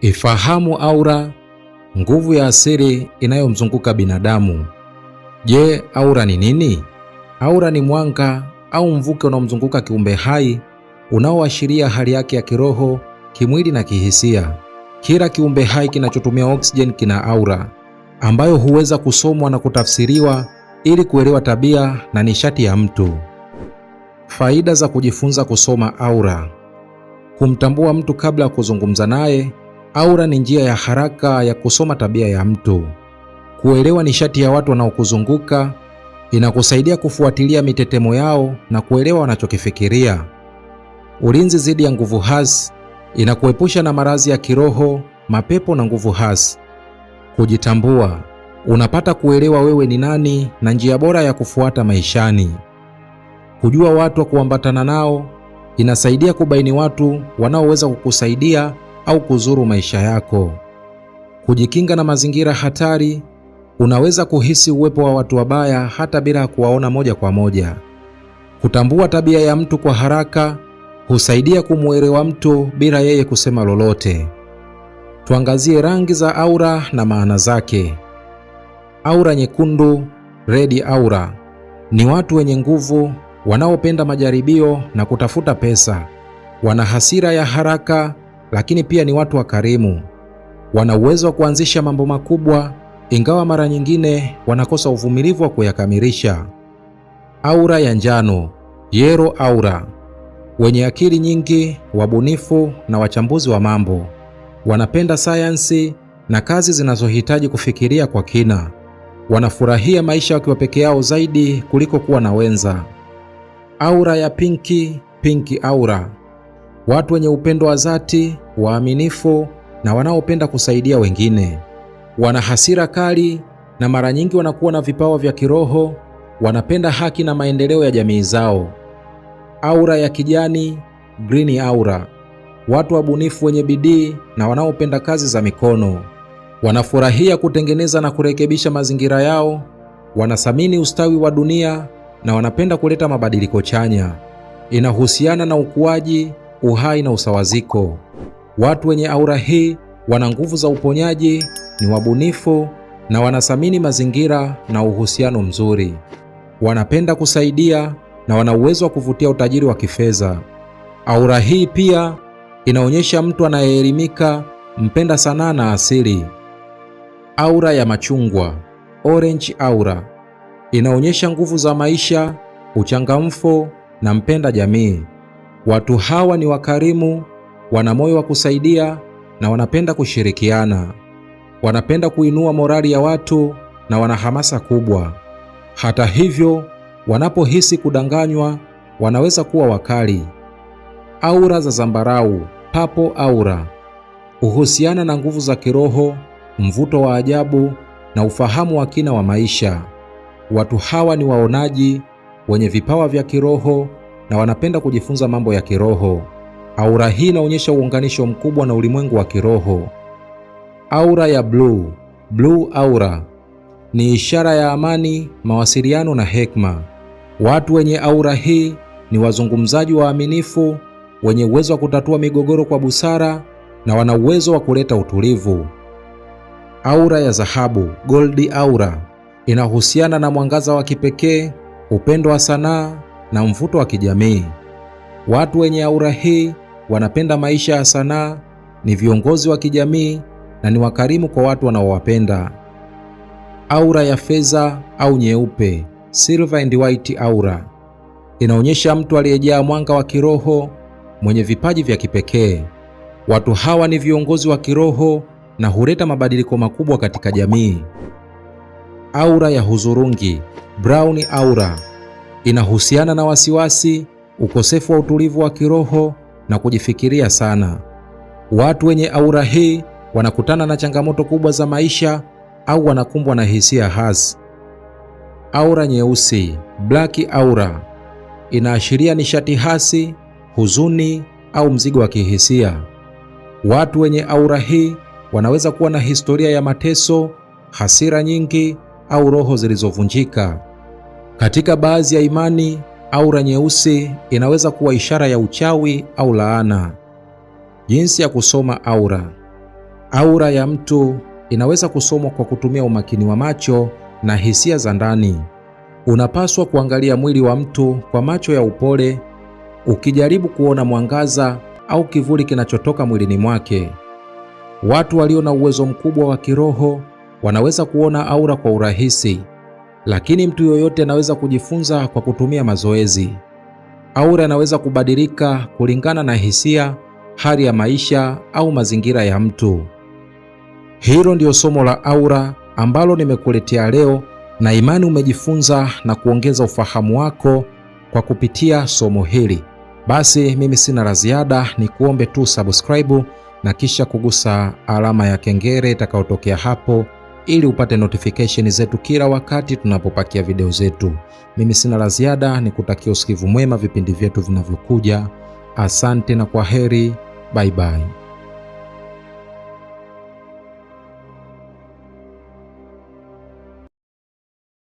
Ifahamu aura, nguvu ya asili inayomzunguka binadamu. Je, aura ni nini? Aura ni mwanga au mvuke unaomzunguka kiumbe hai unaoashiria hali yake ya kiroho, kimwili na kihisia. Kila kiumbe hai kinachotumia oksijeni kina aura ambayo huweza kusomwa na kutafsiriwa ili kuelewa tabia na nishati ya mtu. Faida za kujifunza kusoma aura: kumtambua mtu kabla ya kuzungumza naye Aura ni njia ya haraka ya kusoma tabia ya mtu. Kuelewa nishati ya watu wanaokuzunguka inakusaidia kufuatilia mitetemo yao na kuelewa wanachokifikiria. Ulinzi dhidi ya nguvu hasi inakuepusha na maradhi ya kiroho, mapepo na nguvu hasi. Kujitambua, unapata kuelewa wewe ni nani na njia bora ya kufuata maishani. Kujua watu wa kuambatana nao inasaidia kubaini watu wanaoweza kukusaidia au kuzuru maisha yako. Kujikinga na mazingira hatari, unaweza kuhisi uwepo wa watu wabaya hata bila kuwaona moja kwa moja. Kutambua tabia ya mtu kwa haraka husaidia kumwelewa mtu bila yeye kusema lolote. Tuangazie rangi za aura na maana zake. Aura nyekundu, red aura, ni watu wenye nguvu wanaopenda majaribio na kutafuta pesa. Wana hasira ya haraka lakini pia ni watu wakarimu, wana uwezo wa kuanzisha mambo makubwa, ingawa mara nyingine wanakosa uvumilivu wa kuyakamilisha. Aura ya njano, yero aura, wenye akili nyingi, wabunifu na wachambuzi wa mambo, wanapenda sayansi na kazi zinazohitaji kufikiria kwa kina. Wanafurahia maisha wakiwa peke yao zaidi kuliko kuwa na wenza. Aura ya pinki, pinki aura watu wenye upendo wa dhati, waaminifu na wanaopenda kusaidia wengine. Wana hasira kali na mara nyingi wanakuwa na vipawa vya kiroho, wanapenda haki na maendeleo ya jamii zao. Aura ya kijani, green aura. Watu wabunifu wenye bidii na wanaopenda kazi za mikono. Wanafurahia kutengeneza na kurekebisha mazingira yao, wanathamini ustawi wa dunia na wanapenda kuleta mabadiliko chanya. Inahusiana na ukuaji uhai na usawaziko. Watu wenye aura hii wana nguvu za uponyaji, ni wabunifu na wanathamini mazingira na uhusiano mzuri. Wanapenda kusaidia na wana uwezo wa kuvutia utajiri wa kifedha. Aura hii pia inaonyesha mtu anayeelimika, mpenda sanaa na asili. Aura ya machungwa, orange aura, inaonyesha nguvu za maisha, uchangamfu na mpenda jamii. Watu hawa ni wakarimu, wana moyo wa kusaidia na wanapenda kushirikiana. Wanapenda kuinua morali ya watu na wana hamasa kubwa. Hata hivyo, wanapohisi kudanganywa, wanaweza kuwa wakali. Aura za zambarau, papo aura, huhusiana na nguvu za kiroho, mvuto wa ajabu na ufahamu wa kina wa maisha. Watu hawa ni waonaji, wenye vipawa vya kiroho na wanapenda kujifunza mambo ya kiroho. Aura hii inaonyesha uunganisho mkubwa na ulimwengu wa kiroho. Aura ya bluu. Bluu aura ni ishara ya amani, mawasiliano na hekma. Watu wenye aura hii ni wazungumzaji waaminifu, wenye uwezo wa kutatua migogoro kwa busara na wana uwezo wa kuleta utulivu. Aura ya dhahabu, goldi aura, inahusiana na mwangaza wa kipekee, upendo wa sanaa na mvuto wa kijamii. Watu wenye aura hii wanapenda maisha ya sanaa, ni viongozi wa kijamii na ni wakarimu kwa watu wanaowapenda. Aura ya fedha au nyeupe, silver and white aura, inaonyesha mtu aliyejaa mwanga wa kiroho mwenye vipaji vya kipekee. Watu hawa ni viongozi wa kiroho na huleta mabadiliko makubwa katika jamii. Aura ya huzurungi, brown aura inahusiana na wasiwasi, ukosefu wa utulivu wa kiroho na kujifikiria sana. Watu wenye aura hii wanakutana na changamoto kubwa za maisha au wanakumbwa na hisia hasi. Aura nyeusi, black aura, inaashiria nishati hasi, huzuni au mzigo wa kihisia. Watu wenye aura hii wanaweza kuwa na historia ya mateso, hasira nyingi au roho zilizovunjika. Katika baadhi ya imani, aura nyeusi inaweza kuwa ishara ya uchawi au laana. Jinsi ya kusoma aura. Aura ya mtu inaweza kusomwa kwa kutumia umakini wa macho na hisia za ndani. Unapaswa kuangalia mwili wa mtu kwa macho ya upole, ukijaribu kuona mwangaza au kivuli kinachotoka mwilini mwake. Watu walio na uwezo mkubwa wa kiroho wanaweza kuona aura kwa urahisi lakini mtu yoyote anaweza kujifunza kwa kutumia mazoezi. Aura anaweza kubadilika kulingana na hisia, hali ya maisha au mazingira ya mtu. Hilo ndiyo somo la aura ambalo nimekuletea leo, na imani umejifunza na kuongeza ufahamu wako kwa kupitia somo hili. Basi mimi sina la ziada, ni kuombe tu subscribe na kisha kugusa alama ya kengele itakayotokea hapo ili upate notification zetu kila wakati tunapopakia video zetu. Mimi sina la ziada, ni kutakia usikivu mwema vipindi vyetu vinavyokuja. Asante na kwa heri, bye bye.